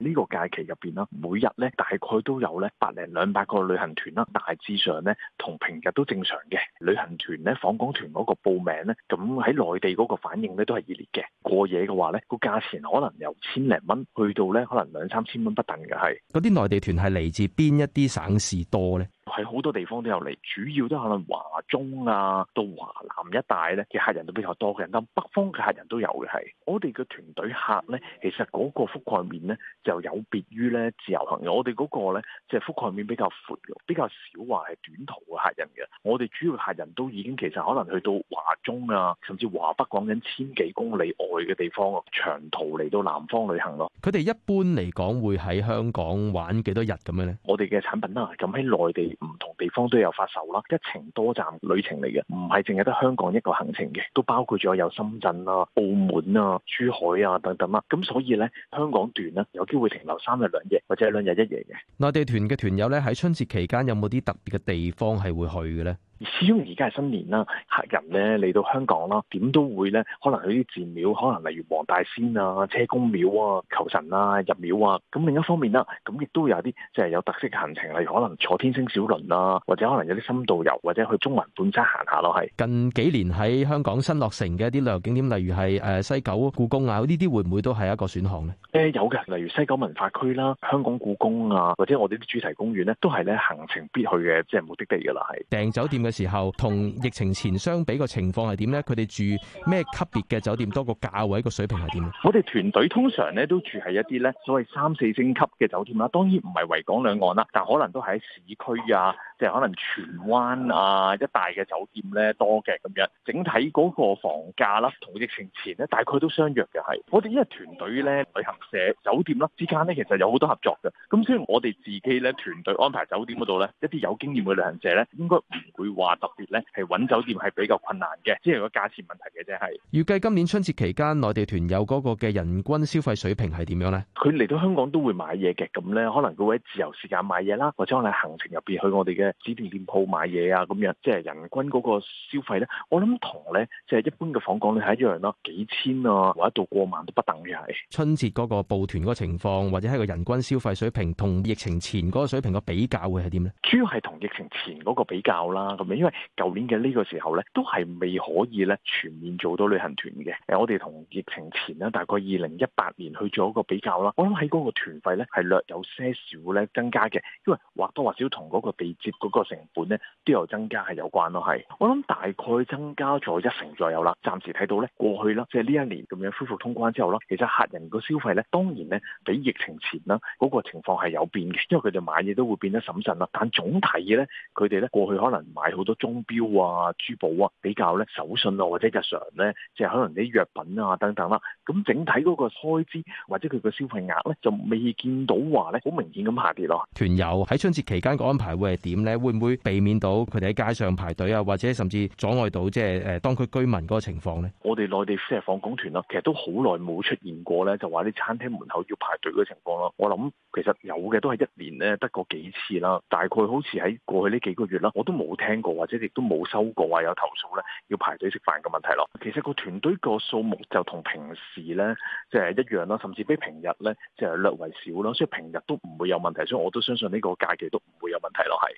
呢個假期入邊啦，每日咧大概都有咧百零兩百個旅行團啦，大致上咧同平日都正常嘅旅行團咧，訪港團嗰個報名咧，咁喺內地嗰個反應咧都係熱烈嘅。過夜嘅話咧，個價錢可能由千零蚊去到咧可能兩三千蚊不等嘅。係嗰啲內地團係嚟自邊一啲省市多咧？喺好多地方都有嚟，主要都可能華中啊到華南一帶咧嘅客人都比較多嘅人，咁北方嘅客人都有嘅。係我哋嘅團隊客咧，其實嗰個覆蓋面咧就有別於咧自由行嘅，我哋嗰個咧即係覆蓋面比較闊，比較少話係短途嘅客人嘅。我哋主要客人都已經其實可能去到華中啊，甚至華北，講緊千幾公里外嘅地方啊，長途嚟到南方旅行咯。佢哋一般嚟講會喺香港玩幾多日咁樣咧？我哋嘅產品啦，咁喺內地。唔同地方都有發售啦，一程多站旅程嚟嘅，唔係淨係得香港一個行程嘅，都包括咗有深圳啦、澳門啊、珠海啊等等啦。咁所以咧，香港段咧有機會停留三日兩夜或者兩日一夜嘅。內地團嘅團友咧喺春節期間有冇啲特別嘅地方係會去嘅咧？始終而家係新年啦，客人咧嚟到香港啦，點都會咧，可能去啲寺廟，可能例如黃大仙啊、車公廟啊、求神啊、入廟啊。咁另一方面啦，咁亦都有啲即係有特色嘅行程，例如可能坐天星小輪啊，或者可能有啲深度遊，或者去中環半山行下咯。係近幾年喺香港新落成嘅一啲旅遊景點，例如係誒西九故宮啊，呢啲會唔會都係一個選項咧？誒、呃、有嘅，例如西九文化區啦、香港故宮啊，或者我哋啲主題公園咧，都係咧行程必去嘅即係目的地噶啦。係訂酒店嘅。嘅時候同疫情前相比個情況係點咧？佢哋住咩級別嘅酒店多？個價位個水平係點咧？我哋團隊通常咧都住喺一啲咧所謂三四星級嘅酒店啦，當然唔係維港兩岸啦，但可能都係喺市區啊，即係可能荃灣啊，一帶嘅酒店咧多嘅，咁樣整體嗰個房價啦，同疫情前咧大概都相若嘅，係我哋因為團隊咧、旅行社、酒店啦之間咧，其實有好多合作嘅。咁所以我哋自己咧團隊安排酒店嗰度咧，一啲有經驗嘅旅行社咧，應該唔會。話特別咧，係搵酒店係比較困難嘅，即係個價錢問題嘅啫。係預計今年春節期間內地團友嗰個嘅人均消費水平係點樣咧？佢嚟到香港都會買嘢嘅，咁咧可能佢會喺自由時間買嘢啦，或者可能喺行程入邊去我哋嘅指定店鋪買嘢啊，咁樣即係人均嗰個消費咧，我諗同咧即係一般嘅訪港咧係一樣咯，幾千啊或者到過萬都不等於係春節嗰個報團嗰個情況，或者係個人均消費水平同疫情前嗰個水平個比較會係點咧？主要係同疫情前嗰個比較啦，咁。因為舊年嘅呢個時候呢，都係未可以咧全面做到旅行團嘅。誒，我哋同疫情前咧大概二零一八年去做一個比較啦。我諗喺嗰個團費咧係略有些少呢增加嘅，因為或多或少同嗰個地接嗰個成本呢都有增加係有關咯。係我諗大概增加咗一成左右啦。暫時睇到呢過去啦，即係呢一年咁樣恢復通關之後啦，其實客人個消費呢，當然呢比疫情前啦嗰個情況係有變嘅，因為佢哋買嘢都會變得審慎啦。但總體呢，佢哋呢過去可能買好多鐘錶啊、珠寶啊，比較咧手信啊，或者日常咧，即係可能啲藥品啊等等啦、啊。咁整體嗰個開支或者佢個消費額咧，就未見到話咧好明顯咁下跌咯。團友喺春節期間個安排會係點咧？會唔會避免到佢哋喺街上排隊啊？或者甚至阻礙到即係誒當區居民嗰個情況咧？我哋內地即係放工團啦，其實都好耐冇出現過咧，就話啲餐廳門口要排隊嘅情況咯。我諗其實有嘅都係一年咧得過幾次啦，大概好似喺過去呢幾個月啦，我都冇聽過或者亦都冇收過啊，有投訴咧，要排隊食飯嘅問題咯。其實個團隊個數目就同平時咧，即係一樣啦，甚至比平日咧即係略為少咯，所以平日都唔會有問題，所以我都相信呢個假期都唔會有問題咯，係。